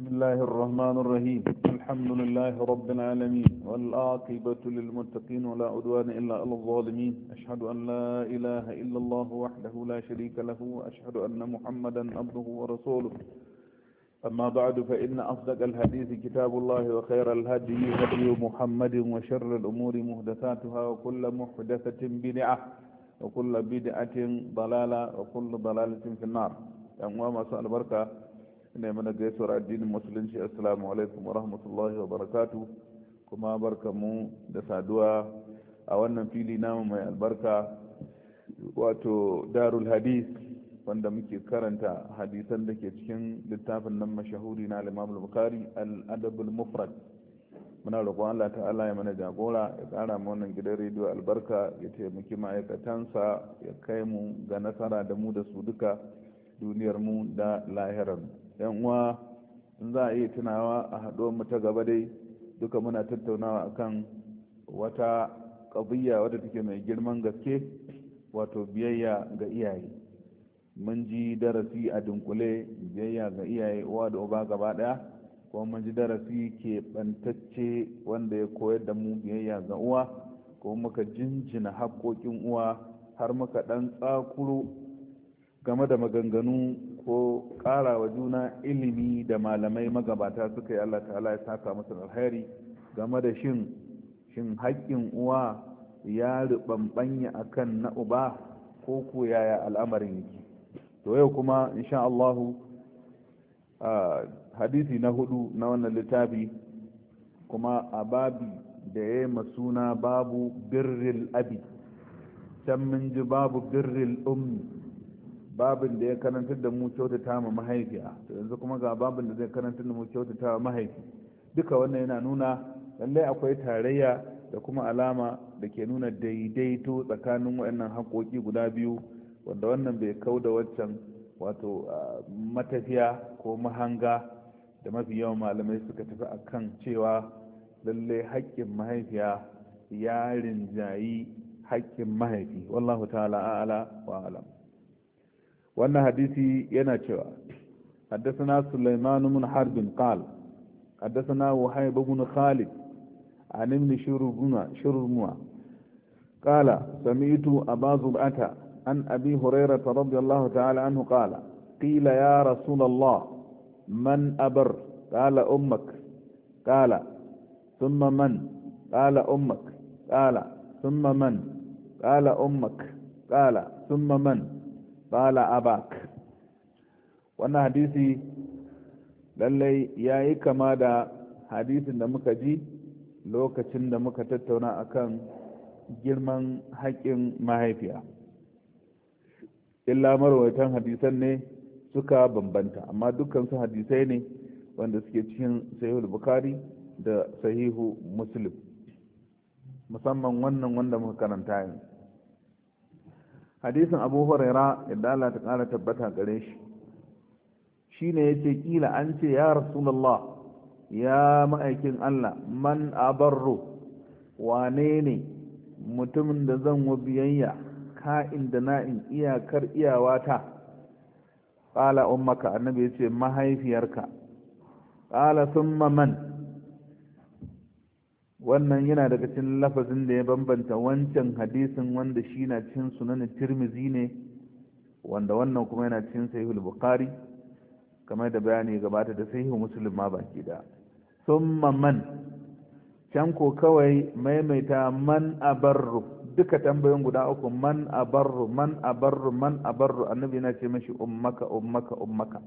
بسم الله الرحمن الرحيم الحمد لله رب العالمين والآقبة للمتقين ولا عدوان إلا على الظالمين أشهد أن لا إله إلا الله وحده لا شريك له وأشهد أن محمدا عبده ورسوله أما بعد فإن أصدق الحديث كتاب الله وخير الهدي هدي محمد وشر الأمور محدثاتها وكل محدثة بدعة وكل بدعة ضلالة وكل ضلالة في النار يعني ما سأل بركة ina mana gaisuwar addinin musulunci assalamu alaikum wa rahmatullahi wa barakatu kuma barka mu da saduwa a wannan fili namu mai albarka wato darul hadis wanda muke karanta hadisan da ke cikin littafin nan mashahuri na limamul bukari al'adabul mufrad muna roƙon Allah ta'ala ya mana jagora ya ƙara mu wannan gidan rediyo albarka ya taimaki ma'aikatansa ya kai mu ga nasara da mu da su duka duniyarmu da lahirarmu yan uwa za a iya tunawa a haɗuwar mu ta gaba dai duka muna tattaunawa akan wata ƙabiyya wadda take mai girman gaske wato biyayya ga iyaye mun ji darasi a dunkule biyayya ga iyaye uwa da uba gaba ɗaya kuma mun ji darasi ke ɓantacce wanda ya koyar da mu biyayya ga uwa kuma muka jinjina haƙoƙin uwa har muka ɗan tsakuro game da maganganu ko ƙara wa juna ilimi da malamai magabata suka yi Allah ta'ala ya saka masa alheri game da shin shin haƙƙin uwa ya a akan na uba ko ko yaya al'amarin yake to yau kuma insha Allahu hadisi na hudu na wannan littafi kuma a babi da ya masuna babu birril abi can mun ji babu birril ummi babin da ya karantar da mu kyautata ma mahaifiya to yanzu kuma ga babin da zai karantar da mu kyautata ma mahaifi duka wannan yana nuna lallai akwai tarayya da kuma alama da ke nuna daidaito tsakanin waɗannan haƙoƙi guda biyu wanda wannan bai kau da waccan wato matafiya ko mahanga da mafi yawan malamai suka tafi akan cewa lallai haƙƙin mahaifiya ya rinjayi haƙƙin mahaifi wallahu ta'ala a'ala wa alam wannan حديثي ينا cewa حدثنا سليمان بن حرب قال حدثنا وهيب بن خالد عن ابن شرموع قال سمعت أبا زرعة عن أبي هريرة رضي الله تعالى عنه قال قيل يا رسول الله من أبر قال أمك قال ثم من قال أمك قال ثم من قال أمك قال ثم من bala abak wannan hadisi lallai ya yi kama da hadisin da muka ji lokacin da muka tattauna akan girman haƙƙin mahaifiya illa marwaitan hadisan ne suka bambanta amma dukkansu hadisai ne wanda suke cikin sahihul bukari da sahihu muslim musamman wannan wanda muka karanta yanzu hadisin abu huraira yadda Allah ta kara tabbata gare shi shi shine yace kila an ce ya rasulullah ya ma'aikin Allah man abarru wane ne mutumin da zan wa biyayya ka'in da na'in iyakar iyawata ƙala ummaka annabi yace mahaifiyarka ƙala summa man wannan yana daga cikin lafazin da ya bambanta wancan hadisin wanda shi na cikin sunan tirmizi ne wanda wannan kuma yana cikin sahihul bukhari kamar da bayani gabata da sahihul muslim ma baki da summa man can ko kawai maimaita man abarru duka tambayoyin guda uku man abarru man abarru man abarru annabi yana ce mashi ummaka ummaka ummaka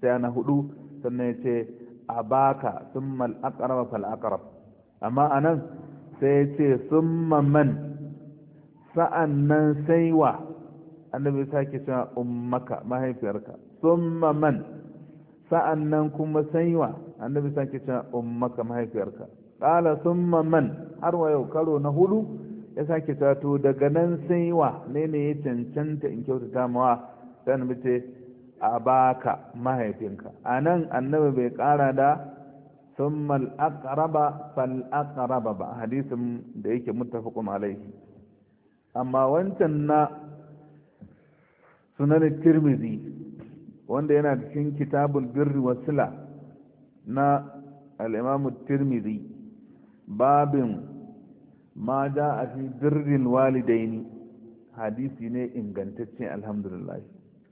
sai ana hudu sannan ya ce abaka summal al-aqrab fal-aqrab amma a nan sai ya ce sun man sa'an nan sai wa annabi sake cewa ummaka mahaifiyarka sun man sa'an nan kuma sai wa annabi sake cewa ummaka mahaifiyarka ƙala sun man har wa yau karo na hudu ya sake cewa to daga nan sai wa ne ne ya cancanta in kyautata mawa sai annabi ce a baka mahaifinka a nan annabi bai ƙara da ثم الأقرب فالأقرب ba hadisin da yake muttafaqun alaihi amma wancan na sunan tirmizi wanda yana cikin kitabul birri wasila na al-imam tirmizi babin ma da a fi birrin walidaini hadisi ne ingantacce alhamdulillah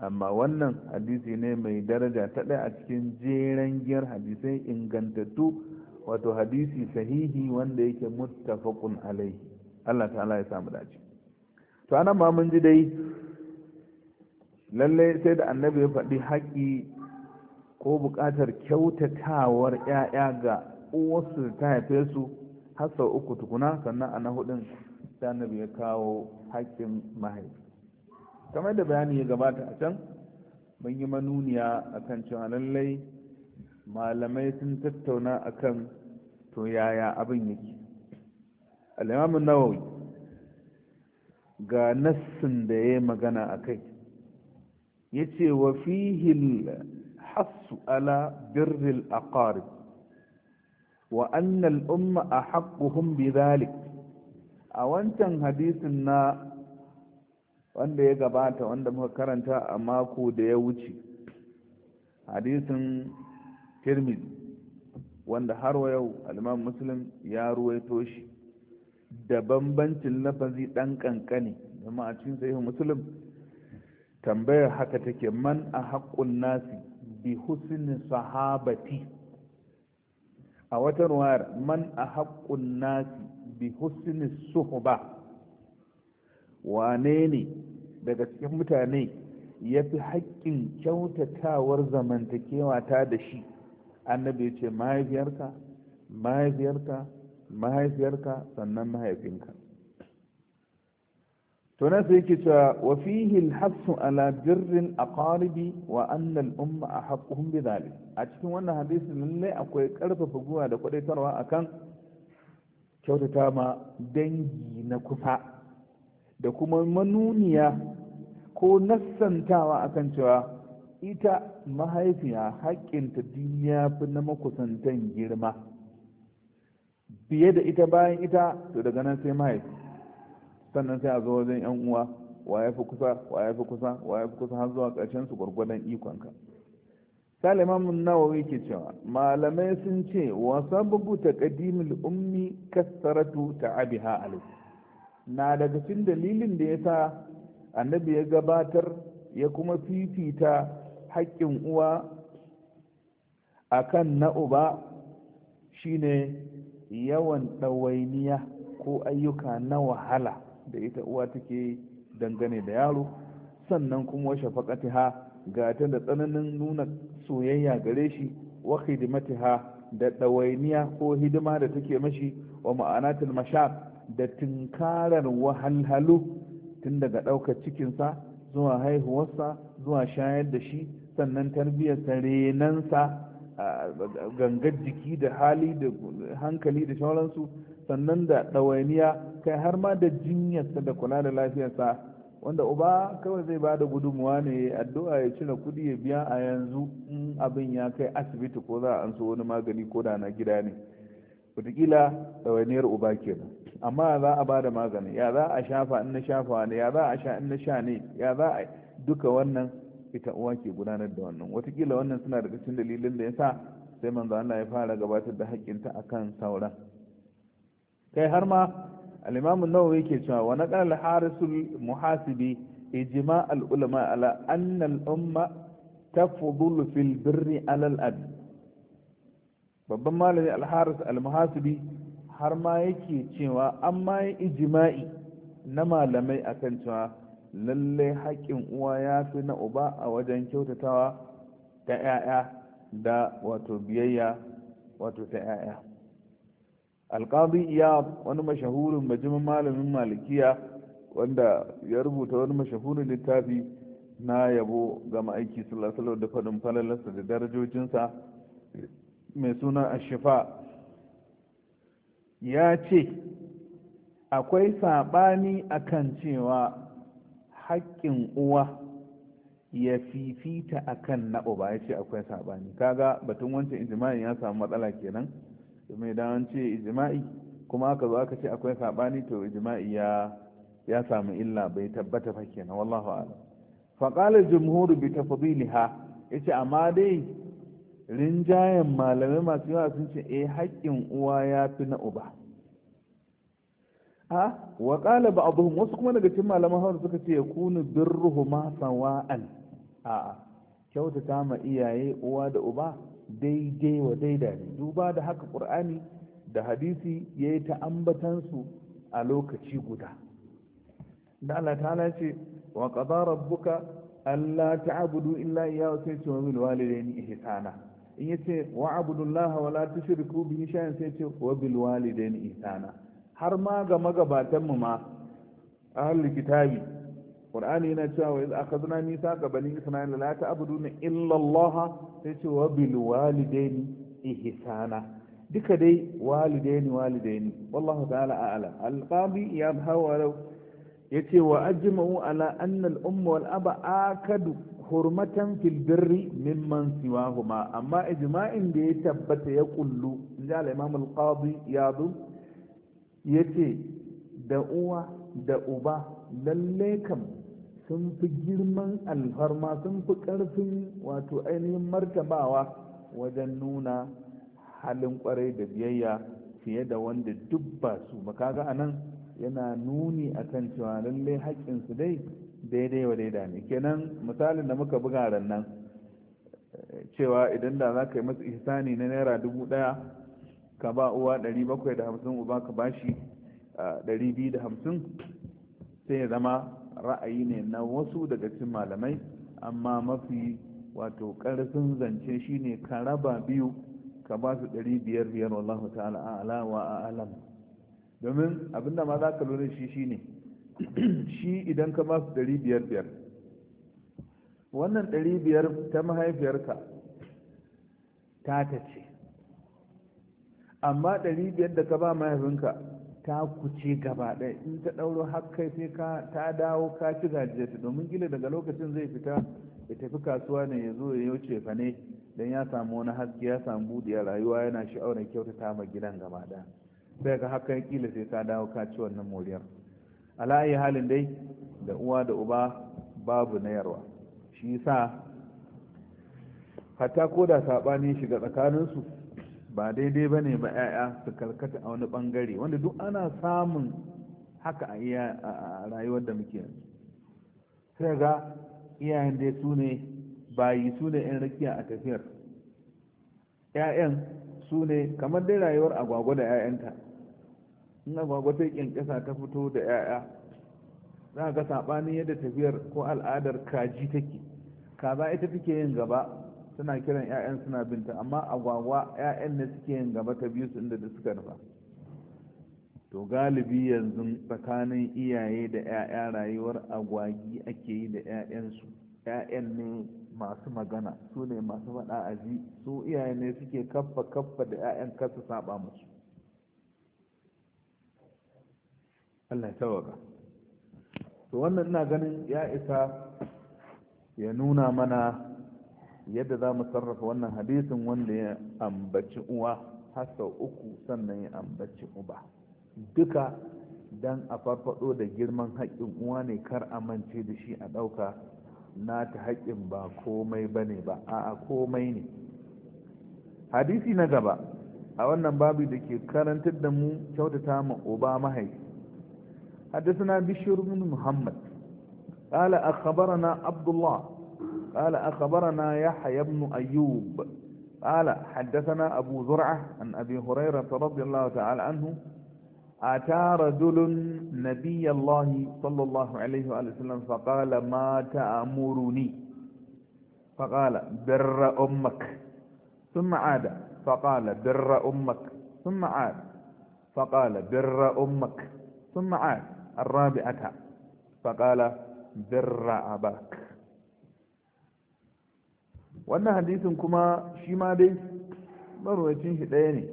amma wannan hadisi ne mai daraja ta ɗaya a cikin jeren giyar hadisai ingantattu wato hadisi sahihi wanda yake muttafaqun alai Allah ta'ala ya samu dace to anan ma mun ji dai lallai sai da annabi ya faɗi haƙi ko buƙatar kyautatawar ƴaƴa ga uwarsu ta haife su har uku tukuna sannan a na hudun sai ya kawo haƙƙin mahaifi kamar da bayani ya gabata a can mun yi manuniya kan cewa lallai malamai sun tattauna a kan to yaya abin yake al'imamun nawawi ga nassin da ya magana a kai ya ce wa fihil hassu ala birril aqarib wa annal umma a haƙuhun bi a wancan hadisin na wanda ya gabata wanda muka karanta a mako da ya wuce hadisin tirmidhi wanda har yau alimam muslim ya ruwaito shi da bambancin lafazi ɗan ƙanƙani, zama a cikin sahihu muslim tambayar haka take man a haƙƙun nasi bi husni sahabati a wata ruwayar man a haƙƙun nasi bi husni suhuba wane ne daga cikin mutane ya fi haƙƙin kyautatawar zamantakewa ta da shi annabi ya ce mahaifiyarka mahaifiyarka mahaifiyarka sannan mahaifinka to sai yake cewa wa fihi al-hafsu ala birril aqaribi wa anna al-umma ahaqquhum bi dhalik a cikin wannan hadisi lallai akwai ƙarfafa guwa da kwadaitarwa akan kyautata ma dangi na kusa da kuma manuniya ko nassantawa akan cewa ita mahaifiya haƙƙinta ta duniya fi na makusantan girma fiye da ita bayan ita to daga nan sai mahaifi sannan sai a zo wajen yan uwa wa ya fi kusa wa ya fi kusa wa ya fi kusa har zuwa ƙarshen su gwargwadon ikonka salimamun nawawi ke cewa malamai sun ce wa ta taqdimul ummi kasaratu ta'abiha alayhi na daga cikin dalilin da ya sa annabi ya gabatar ya kuma fifita haƙƙin uwa akan na uba shine yawan ɗawainiya ko ayyuka na wahala da ita uwa take dangane da yaro sannan kuma shafaqatiha ga ta da tsananin nuna soyayya gare shi wa khidmatiha da ɗawainiya ko hidima da take mashi wa ma'anatul mashaq da tunkarar wahalhalu tun daga ɗaukar cikinsa zuwa haihuwarsa zuwa shayar da shi sannan tarbiyyarsa renansa gangar jiki da hali da hankali da shauransu sannan da ɗawainiya kai har ma da jinyarsa da kula da lafiyarsa wanda uba kawai zai ba da gudunmuwa ne addu'a ya cire kuɗi ya biya a yanzu in abin ya kai asibiti ko za a anso wani magani ko da na gida ne wataƙila ɗawainiyar uba kenan amma za a bada magani ya za a shafa in na shafa ne ya za a sha in na sha ne ya za a duka wannan ita uwa ke gudanar da wannan watakila wannan suna daga cikin dalilin da ya sa sai manzo Allah ya fara gabatar da haƙƙinta akan sauran kai har ma al-Imam an-Nawawi yake cewa wa naqal al-harisul muhasibi ijma' ulama ala anna al-umma tafdhulu fil birri ala al-ab babban malami al-haris al-muhasibi har ma yake cewa an ma yi ijima'i na malamai akan cewa lalle haƙƙin uwa ya fi na uba a wajen kyautatawa ta 'ya'ya da wato biyayya wato ta 'ya'ya alƙadi iya wani mashahurin majimin malamin malikiya wanda ya rubuta wani mashahurin littafi na yabo ga ma'aiki sallallahu da faɗin falalarsa da darajojinsa mai suna ashifa ya ce akwai saɓani akan cewa haƙƙin uwa ya fifita akan na uba ya ce akwai saɓani kaga batun wancan ijima'i ya samu matsala kenan domin idan an ce ijima'i kuma aka zo aka ce akwai saɓani to ijima'i ya ya samu illa bai tabbata fa kenan wallahu a'lam fa qala jumhur bi tafdiliha yace amma dai rinjayen malamai masu yawa sun ce eh haƙƙin uwa ya fi na uba a wa ƙala ba abu wasu kuma daga cikin malaman hawan suka ce ya kunu birruhu ma sawa'an a kyautata ma iyaye uwa da uba daidai wa daida ne duba da haka ƙur'ani da hadisi ya yi ta'ambatansu a lokaci guda da Allah ta'ala ce wa qadara rabbuka alla ta'budu illa iyyahu sai ce wa bil walidayni ihsana in ce wa abudullah wa la tushriku bihi shay'an sai ce wa bil walidaini ihsana har ma ga magabatan mu ma ahlul kitabi qur'ani yana cewa wa iz akhadna mithaqa bani isma'il la ta'buduna illa allah sai ce wa bil walidaini ihsana duka dai walidaini walidaini wallahu ta'ala a'lam al-qadi ya ce wa ajma'u ala annal umma wal aba akadu hurmatan fil birri mimman siwahuma amma ijma'in da ya tabbata ya kullu inda al imam al qadi yadu yace da uwa da uba lalle kam sun fi girman alfarma sun fi karfin wato ainihin martabawa wajen nuna halin kwarai da biyayya fiye da wanda duk ba su ba kaga anan yana nuni a kan cewa lallai haƙƙinsu dai daidai wa daida ne kenan misalin da muka buga ran nan cewa idan da za ka yi masu ihsani na naira dubu ɗaya ka ba uwa ɗari bakwai da hamsin uba ka bashi ɗari biyu da hamsin sai ya zama ra'ayi ne na wasu daga cikin malamai amma mafi wato ƙarfin zance shine ka raba biyu ka ba su ɗari biyar biyar wallahu ta'ala a'ala wa a'alam domin abinda ma za ka lura shi shi ne shi idan ka masu ɗari biyar biyar wannan ɗari biyar ta mahaifiyarka ta ta amma ɗari biyar da ka ba mahaifinka ta kuce gaba ɗaya in ta ɗauro har sai ka ta dawo ka ci gajiyarta domin gila daga lokacin zai fita ya tafi kasuwa ne ya zo ya wuce fa ne don ya samu wani haske ya samu buɗe rayuwa yana sha'awar kyautata ma gidan gaba ɗaya sai ga haka kila sai ka dawo kaciwar wannan moriyar alayi halin dai da uwa da uba babu na yarwa shi yasa hatta ko da saɓani shiga tsakaninsu ba daidai ba ne ba 'ya'ya su karkata a wani ɓangare wanda duk ana samun haka a iya rayuwar da muke yanzu sai ga iyayen dai su ne bayi su ne 'yan rakiya a tafiyar 'ya'yan su ne kamar dai rayuwar agwagwa da 'ya'yanta in agwagwa ta kasa ta fito da 'ya'ya za ga saɓanin yadda tafiyar ko al'adar kaji take kaza ita take yin gaba suna kiran 'ya'yan suna binta amma agwagwa 'ya'yan ne suke yin gaba ta biyu su inda da suka rufa to galibi yanzu tsakanin iyaye da 'ya'ya rayuwar agwagi ake yi da 'ya'yansu 'ya'yan ne masu magana su ne masu faɗa aji su iyaye ne suke kaffa kaffa da 'ya'yan kasa saba musu Allah tawaka to wannan ina ganin ya isa ya nuna mana yadda za mu sarrafa wannan hadisin wanda ya ambaci uwa har sau uku sannan ya ambaci uba duka don a farfado da girman haƙƙin uwa ne kar a mance da shi a ɗauka na ta haƙƙin ba komai ba ne ba a komai ne hadisi na gaba a wannan babu da ke karantar da mu kyautata ma uba mahaifi حدثنا بشير بن محمد قال أخبرنا عبد الله قال أخبرنا يحيى بن أيوب قال حدثنا أبو زرعة عن أبي هريرة رضي الله تعالى عنه أتى رجل نبي الله صلى الله عليه وآله وسلم فقال ما تأمرني فقال بر أمك ثم عاد فقال بر أمك ثم عاد فقال بر أمك ثم عاد an الرابعة baƙala ذر أباك wannan hadisin kuma shi ma dai marwacin shi ɗaya ne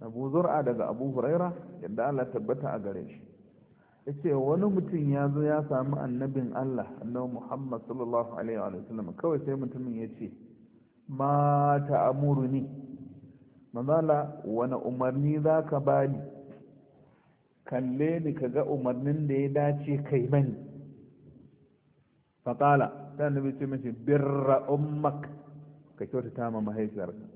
abu zur'a daga abu huraira yadda Allah tabbata a gare shi ya ce wani mutum ya zo ya sami annabin Allah na Muhammad sallallahu alaihi wa sallam kawai sai mutumin ya ce ma ta'amuru ni manzala wani umarni za ka bani kalle ni ka ga umarnin da ya dace kai mani faƙala ta nabi ce mashi birra ummak ka kyauta ta ma mahaifiyarka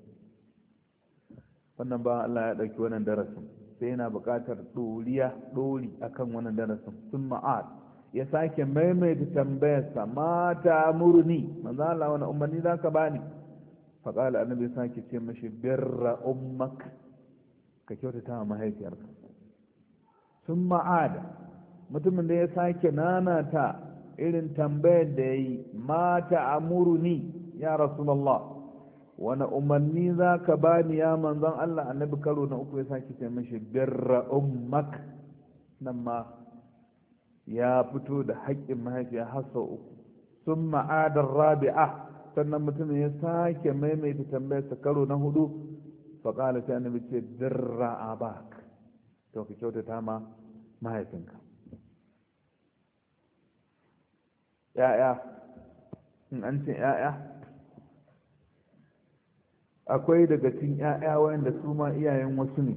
wannan ba Allah ya ɗauki wannan darasin sai yana buƙatar ɗoriya ɗori akan wannan darasin sun ma'ad ya sake maimaita tambayarsa mata murni maza Allah wani umarni za ka bani faƙala annabi sake ce mashi birra ummak ka kyauta ta ma mahaifiyarka sun ma'ada mutumin da ya sake nanata irin tambayar da ya yi mata muruni, ya rasulallah wani umarni za ka ba ni ya manzan Allah annabi karo na uku ya sake ce mashi birra ummak nan ma ya fito da haƙƙin mahaifiya har sau uku sun ma'adar rabi'a sannan mutumin ya sake maimaita tambayarsa karo na hudu faƙala ta annabi ce birra abak to ka kyautata ma mahaifinka ya'ya in an ce ya'ya akwai daga cikin ya'ya wayanda su ma iyayen wasu ne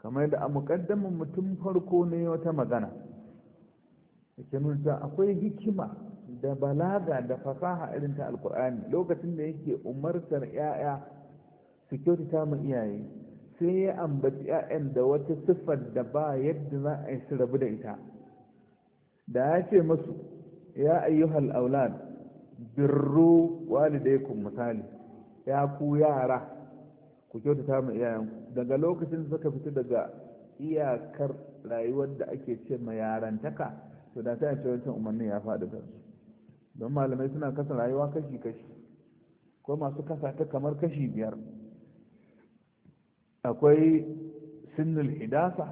kamar da a muƙaddamar mutum farko ne wata magana yake nuna akwai hikima da balaga da fasaha irin ta alkur'ani lokacin da yake umartar ya'ya su kyautata ma iyaye sai ya ambaci 'ya'yan da wata siffar da ba yadda za a yi su rabu da ita da ya ce masu ya ayyuhal aulad birru walidaikum misali ya ku yara ku kyautata mu iyayenku daga lokacin da suka fito daga iyakar rayuwar da ake ce ma yarantaka to da ta ce wancan umarni ya faɗi ta. don malamai suna kasa rayuwa kashi kashi ko masu kasa ta kamar kashi biyar akwai sinnul hidasa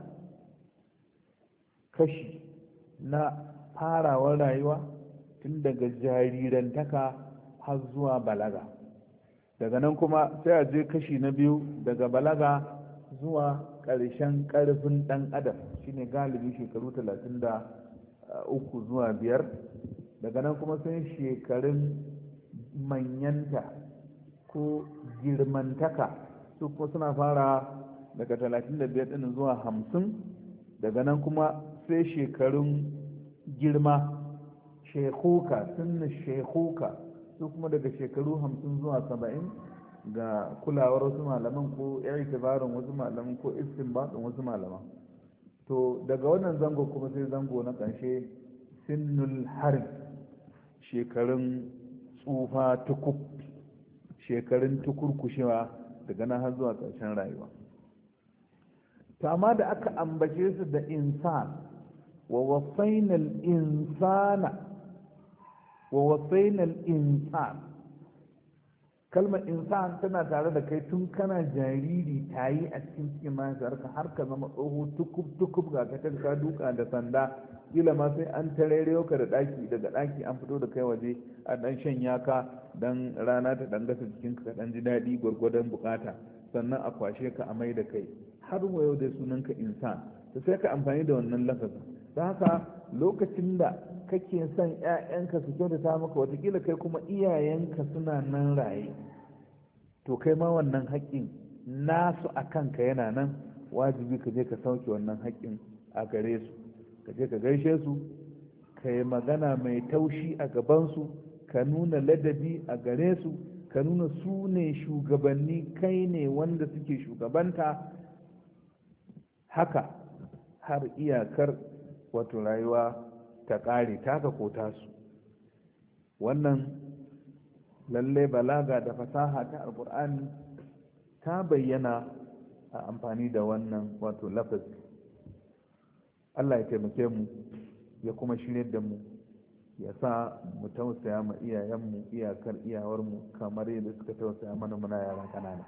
kashi na farawar rayuwa tun daga jarirantaka har zuwa balaga daga nan kuma sai a je kashi na biyu daga balaga zuwa ƙarshen ƙarfin ɗan adam shine galibi shekaru talatin da uku zuwa biyar daga nan kuma sun shekarun manyanta ko girmantaka su kuma suna fara daga 35 ɗin zuwa 50 daga nan kuma sai shekarun girma shekuka sunna shekuka su kuma daga shekaru 50 zuwa 70 ga kulawar wasu malaman ko irtibarin wasu malaman ko istinbatin wasu malaman to daga wannan zango kuma sai zango na ƙarshe sinnul harin shekarun tsufa tukur shekarun tukurkushewa daga nan har zuwa ƙarshen rayuwa ta ma da aka ambace su da insan wa wasainal insana wa wasainal insana kalmar insan tana tare da kai tun kana jariri tayi a cikin cikin mahaifiyarka har ka zama tsoho tukub tukub ga ka ka duka da sanda kila ma sai an tare ka da daki daga daki an fito da kai waje a dan shanya ka dan rana ta dan gasa jikinka ka dan ji daɗi gwargwadon bukata sannan a kwashe ka a mai da kai har wa yau dai sunanka insan sai ka amfani da wannan lafazin don haka lokacin da kake son ‘ya'yanka su kyautata maka watakila kai kuma iyayenka suna nan raye to kai ma wannan haƙƙin nasu a kanka yana nan wajibi ka je ka sauke wannan haƙƙin a gare su ka je ka gaishe su ka yi magana mai taushi a gabansu ka nuna ladabi a gare su ka nuna su ne shugabanni kai ne wanda suke shugabanta haka har iyakar wato rayuwa ta ƙare taka ko tasu wannan lalle balaga da fasaha ta alƙur'ani ta bayyana a amfani da wannan wato lafazi Allah ya taimake mu ya kuma shirye da mu ya sa mu tausaya ma iyayenmu iyakar iyawarmu kamar yadda suka tausaya mana muna yaran kanana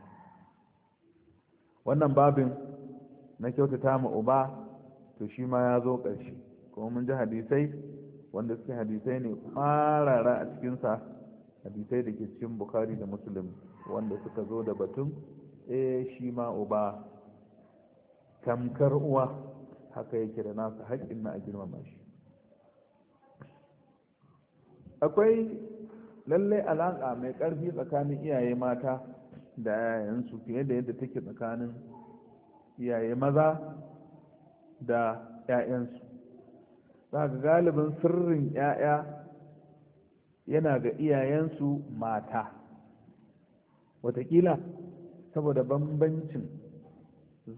wannan babin na kyautata ma uba to shi ma ya zo ƙarshe kuma mun ji hadisai wanda suke hadisai ne farara a cikinsa hadisai da ke cikin bukhari da muslim wanda suka zo da batun e shi ma uba tamkar uwa haka yake da nasu haƙƙin na a girmama shi akwai lallai alaƙa mai ƙarfi tsakanin iyaye mata da yayansu fiye da yadda take tsakanin iyaye maza da 'ya'yansu za ga galibin sirrin 'ya'ya yana ga iyayensu mata watakila saboda bambancin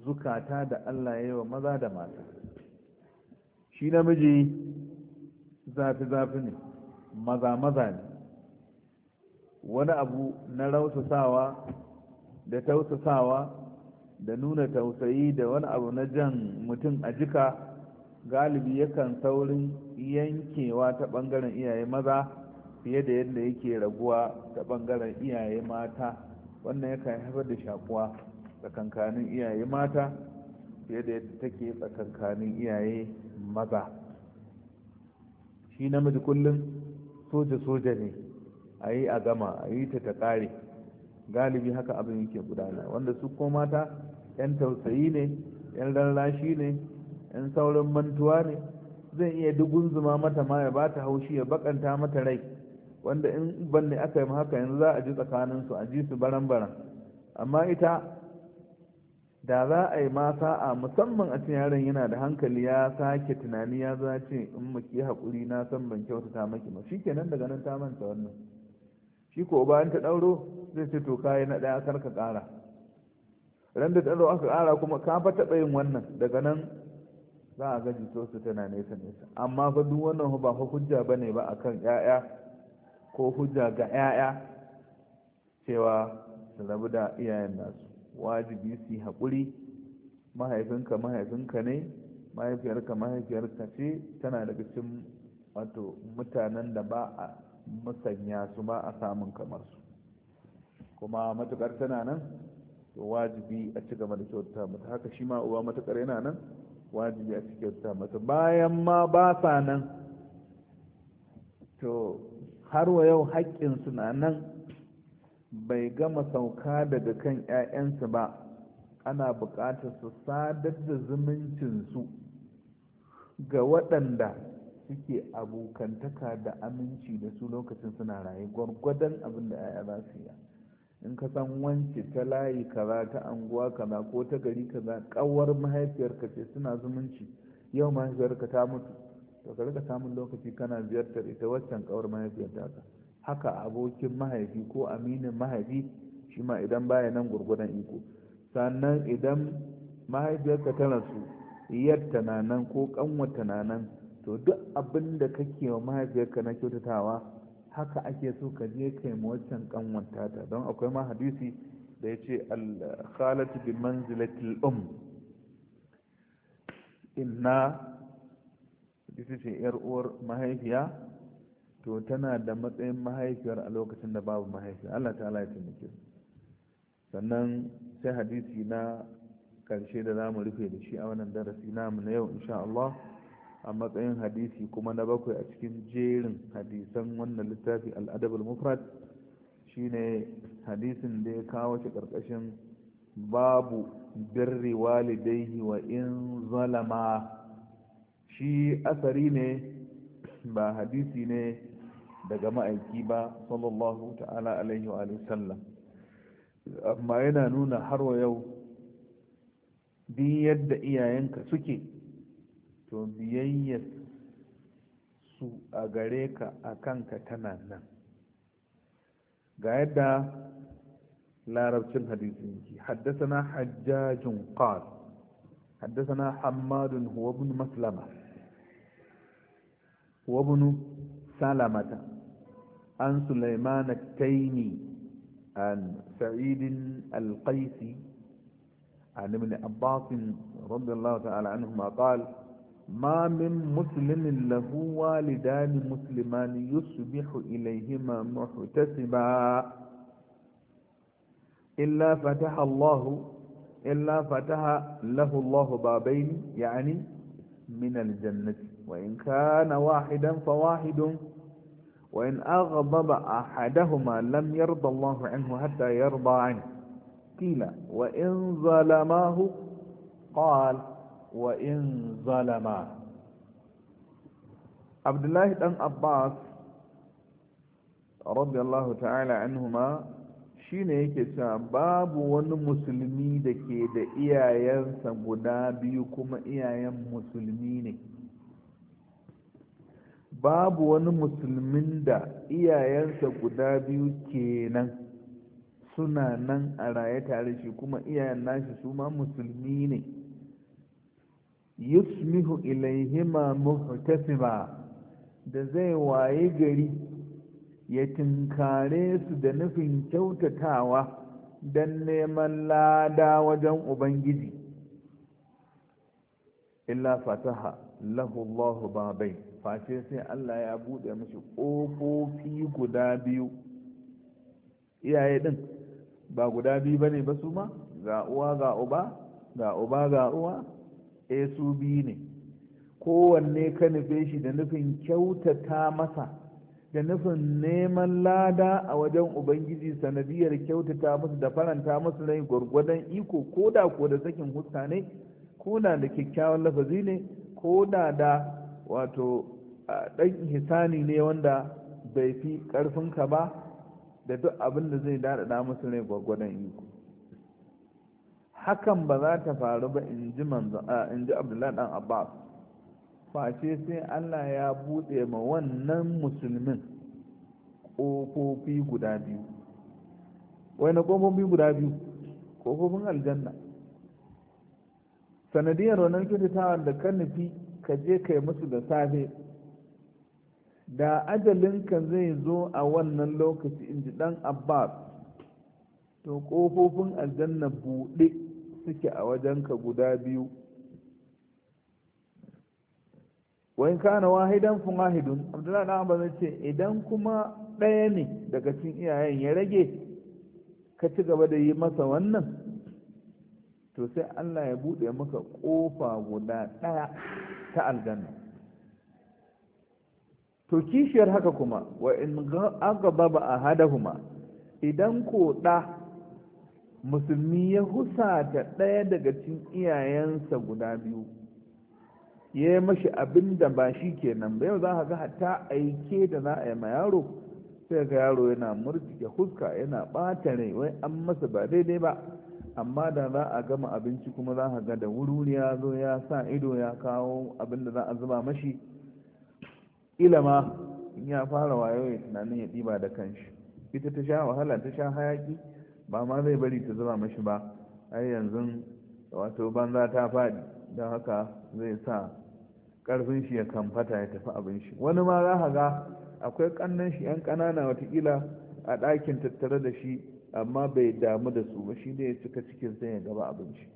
zukata da allah ya yi wa maza da mata shi namiji zafi-zafi ne maza-maza ne wani abu na rausasawa da tausasawa da nuna tausayi da wani abu na jan mutum a jika galibi yakan saurin yankewa ta bangaren iyaye maza fiye da yadda yake raguwa ta bangaren iyaye mata wannan yakan haifar da shakuwa tsakankanin iyaye mata fiye da yadda take tsakankanin iyaye maza shi namiji kullum soja-soja ne a yi a gama a yi ta ta ƙare galibi haka abin yake gudana wanda su ko mata 'yan tausayi ne 'yan rarrashi ne in sauran mantuwa ne zai iya dubun zuma mata ma ya bata haushi ya bakanta mata rai wanda in ban ne aka yi haka yanzu za a ji tsakanin su a ji su baran-baran amma ita da za a yi ma sa'a musamman a cikin yaron yana da hankali ya sake tunani ya zace in muke haƙuri na san ban kyauta ta maki ba shikenan daga nan ta manta wannan shi ko bayan ta ɗauro zai ce to kai na daya karka kara randa ran da ɗauro aka kara kuma ka fa ta yin wannan daga nan za a ga su tana nesa nesa amma fa duk wannan ba fa hujja bane ba akan 'ya'ya ko hujja ga 'ya'ya cewa su rabu da iyayen nasu wajibi su haƙuri mahaifinka mahaifinka ne mahaifiyarka mahaifiyarka ce tana daga cikin wato mutanen da ba a musanya su ba a samun kamar su kuma matukar tana nan to wajibi a ci gaba da kyauta mata haka shi ma uwa matukar yana nan wajibi a cikin ta masa bayan ma ba sa nan to har wa yau haƙƙinsu na nan bai gama sauka daga kan 'ya'yansu ba ana buƙatar su sadar da zumuncinsu ga waɗanda suke abokantaka da aminci da su lokacin suna raye gwargwadon abin da 'ya'ya za su yi in ka san wance ta layi kaza ta anguwa kaza ko ta gari kaza kawar mahaifiyarka ce suna zumunci yau mahaifiyarka ta mutu to ka rika samun lokaci kana ziyartar ita waccan kawar mahaifiyar haka abokin mahaifi ko aminin mahaifi shi ma idan baya nan gurgudan iko sannan idan mahaifiyarka ta rasu iyar na nan ko kanwata na nan to duk abin da kake wa mahaifiyarka na kyautatawa haka ake so ka je kai ma waccan kanwanta ta don akwai ma hadisi da ya ce al khalat bi manzilatil um inna hadisi ce yar uwar mahaifiya to tana da matsayin mahaifiyar a lokacin da babu mahaifiya Allah ta'ala ya taimake sannan sai hadisi na karshe da zamu rufe da shi a wannan darasi namu na yau insha Allah a matsayin hadisi kuma na bakwai a cikin jerin hadisan wannan littafi al'adabul mufrad shine hadisin da ya kawo shi ƙarƙashin babu birri walidaihi wa in zalama shi asari ne ba hadisi ne daga ma'aiki ba sallallahu ta'ala alaihi wa sallam amma yana nuna har wa yau din yadda iyayenka suke to biyayyar su a gare ka a kanka tana nan ga yadda larabcin hadisin yake haddasana hajjajun qal haddasana hammadun huwa ibn maslama huwa salamata an sulaiman at-taymi an sa'id al-qaisi عن ابن عباس رضي الله تعالى عنهما قال ما من مسلم له والدان مسلمان يصبح إليهما محتسبا إلا فتح الله إلا فتح له الله بابين يعني من الجنة وإن كان واحدا فواحد وإن أغضب أحدهما لم يرضى الله عنه حتى يرضى عنه قيل وإن ظلماه قال wa in zalama abdullahi dan abbas radiyallahu ta'ala anhuma shine yake cewa babu wani musulmi da ke da iyayensa guda biyu kuma iyayen musulmi ne babu wani musulmin da iyayensa guda biyu kenan suna nan a raye tare shi kuma iyayen nashi su ma musulmi ne yusmihu ilaihima muhtasiba da zai waye gari ya tinkare su da nufin kyautatawa don neman lada wajen ubangiji illa fataha lahu Allahu babai face sai Allah ya buɗe mashi ƙofofi guda biyu iyaye ɗin ba guda biyu bane ba su ma ga uwa ga uba ga uba ga uwa eh su biyu ne kowanne ka nufe shi da nufin kyautata masa da nufin neman lada a wajen ubangiji sanadiyar kyautata musu da faranta musu rai gwargwadon iko ko da ko da sakin huska ne ko da da kyakkyawan lafazi ne ko da da wato ɗan hisani ne wanda bai fi ƙarfinka ba da duk abin da zai daɗaɗa musu rai gwargwadon iko hakan ba za ta faru ba in ji abdullahi dan abbas face sai allah ya buɗe ma wannan musulmin ƙofofi guda biyu wani ƙofofi guda biyu ƙofofin aljanna sanadiyar wannan kyautatawa da ka nufi ka je yi musu da safe da ajalinka zai zo a wannan lokaci in ji dan abbas to ƙofofin aljanna buɗe suke a wajenka guda biyu wani kana wahidan fun wahidun abdullahi na ba zai ce idan kuma ɗaya ne daga cikin iyayen ya rage ka ci gaba da yi masa wannan to sai allah ya buɗe maka ƙofa guda ɗaya ta aljanna to kishiyar haka kuma wa in agaba ba a hadahuma idan ko ɗa musulmi ya husata ɗaya daga cikin iyayensa guda biyu ya yi mashi abin da ba shi kenan ba yau za ka ga hata aike da za a yi ma yaro sai ga yaro yana murtike huska yana ɓata rai wai an masa ba daidai ba amma da za a gama abinci kuma za ka ga da wuri ya zo ya sa ido ya kawo abin da za a zuba mashi ilama in ya fara wayo ya tunanin ya ɗiba da kanshi ita ta sha wahala ta sha hayaki ba ma zai bari ta zuba mashi ba ai yanzu wato banza ta faɗi don haka zai sa ƙarfin shi ya kamfata ya tafi abin shi wani ma za ka ga akwai ƙannan shi yan ƙanana watakila a ɗakin tattare da shi amma bai damu da su ba shi ne ya cika cikin sai ya gaba abin shi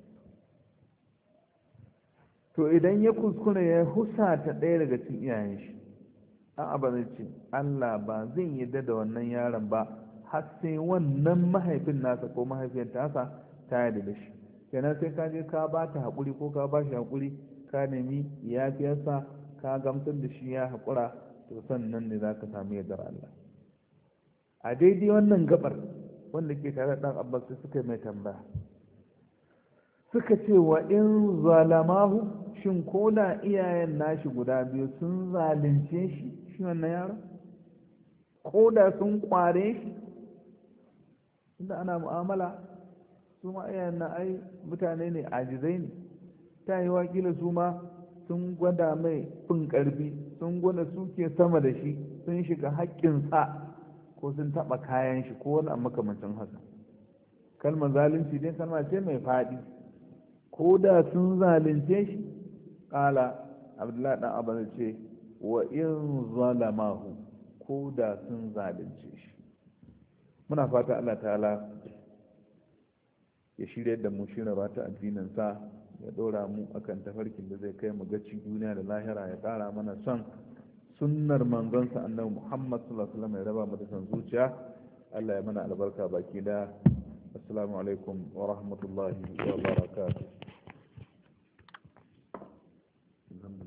to idan ya kuskure ya husa ta ɗaya daga cikin iyayen shi a'a ba ce allah ba zai yi da wannan yaron ba har sai wannan mahaifin nasa ko mahaifiyar tasa ta yi da shi kenan sai ka je ka ba ta haƙuri ko ka ba shi haƙuri ka nemi yafiyarsa ka gamsar da shi ya haƙura to sannan ne za ka samu yadda Allah a daidai wannan gabar wanda ke tare da abbas sai suka mai tambaya suka ce wa in zalamahu shin ko da iyayen nashi guda biyu sun zalunce shi shi wannan yaron ko da sun kware shi tunda ana mu'amala su ma na ai mutane ne ajizai ne ta yi wakila su ma sun gwada mai fin karbi sun gwada suke sama da shi sun shiga haƙƙinsa ko sun taɓa kayan shi ko wani makamancin haka kalmar zalunci dai kalma ce mai faɗi ko da sun zalunce shi ƙala abdullahi ɗan abin ce wa in zalamahu ko da sun zalunce shi muna fata Allah ta'ala ya shirya da mu shirya ba addinin sa ya dora mu akan tafarkin da zai kai mu gaci duniya da lahira ya kara mana son sunnar manzonsa annabi Muhammad sallallahu alaihi wasallam ya raba mu da san zuciya Allah ya mana albarka baki da assalamu alaikum wa rahmatullahi wa barakatuh